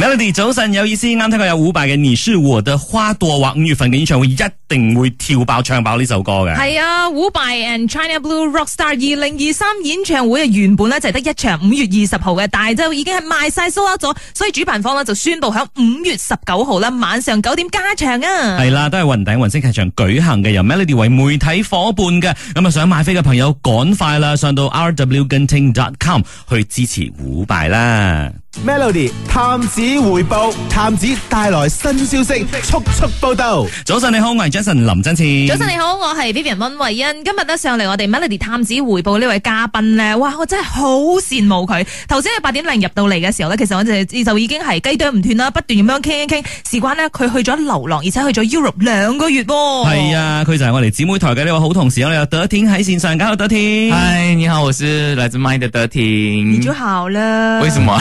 Melody 早晨有意思，啱聽過有伍佰嘅《你是我的花朵》，或五月份嘅演唱會一定會跳爆唱爆呢首歌嘅。係啊，伍佰 and China Blue Rock Star 二零二三演唱會啊，原本呢就係得一場五月二十號嘅，但係就已經係賣晒收甩咗，所以主辦方呢就宣布喺五月十九號啦，晚上九點加場啊。係啦，都係雲頂雲星劇場舉行嘅，由 Melody 為媒體伙伴嘅，咁啊想買飛嘅朋友，趕快啦，上到 rwgenting.com 去支持伍佰啦。Melody 探子回報，探子帶來新消息，速速報道。早上你好，我係 Jason 林振志。早上你好，我係 Vivian 溫慧欣。今日呢上嚟，我哋 Melody 探子回報呢位嘉賓咧，哇，我真係好羨慕佢。頭先喺八點零入到嚟嘅時候咧，其實我哋就已經係雞啄唔斷啦，不斷咁樣傾一傾。事關呢，佢去咗流浪，而且去咗 Europe 兩個月，哦。係啊，佢就係我哋姊妹台嘅呢位好同事啦。我德廷，天喺線上德廷。h 天，Hi，你好，我是嚟自 Mind 嘅德廷。你就好啦。為什麼？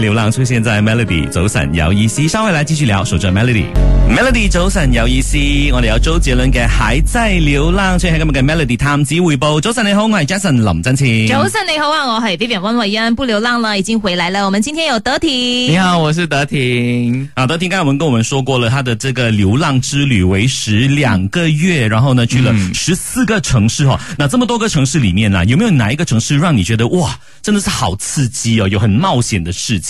流浪出現在 Melody 早晨有意思上位來繼續聊，守着 Melody。Melody 早晨有意思。我哋有周杰倫嘅《還在流浪》，出現我們嘅 Melody 探子回報。早晨你好，我係 Jason 林振晴，早晨你好啊，我係 B B 溫慧嫣，不流浪了，已經回來了。我們今天有德廷。你好，我是德廷。德啊，德廷剛才我們跟我們說過了，他的這個流浪之旅為時兩個月，然後呢去了十四個城市哦、嗯啊。那這麼多個城市裏面呢、啊，有沒有哪一個城市讓你覺得哇，真的是好刺激哦，有很冒險的事情？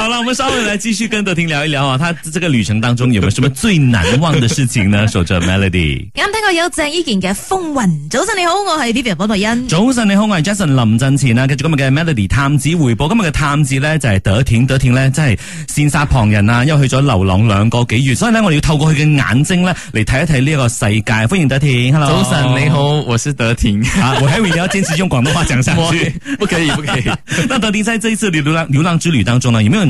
好啦，我們稍微來繼續跟德廷聊一聊啊，他這個旅程當中有沒有什麼最難忘的事情呢？守 着 Melody，咁聽過有鄭伊健嘅《風雲》。早晨你好，我係 Vivian 寶黛欣。早晨你好，我係 Jason 林振前啊。跟住今日嘅 Melody 探子回報，今日嘅探子呢，就係、是、德廷，德廷呢，真係羨煞旁人啊，因為去咗流浪兩個幾月，所以呢，我哋要透過佢嘅眼睛呢，嚟睇一睇呢個世界。歡迎德廷，Hello。早晨你好，我是德廷 啊。我係咪要堅持用廣東話講下去？不可以，不可以。 那德廷在這一次嘅流浪流浪之旅當中呢有沒有？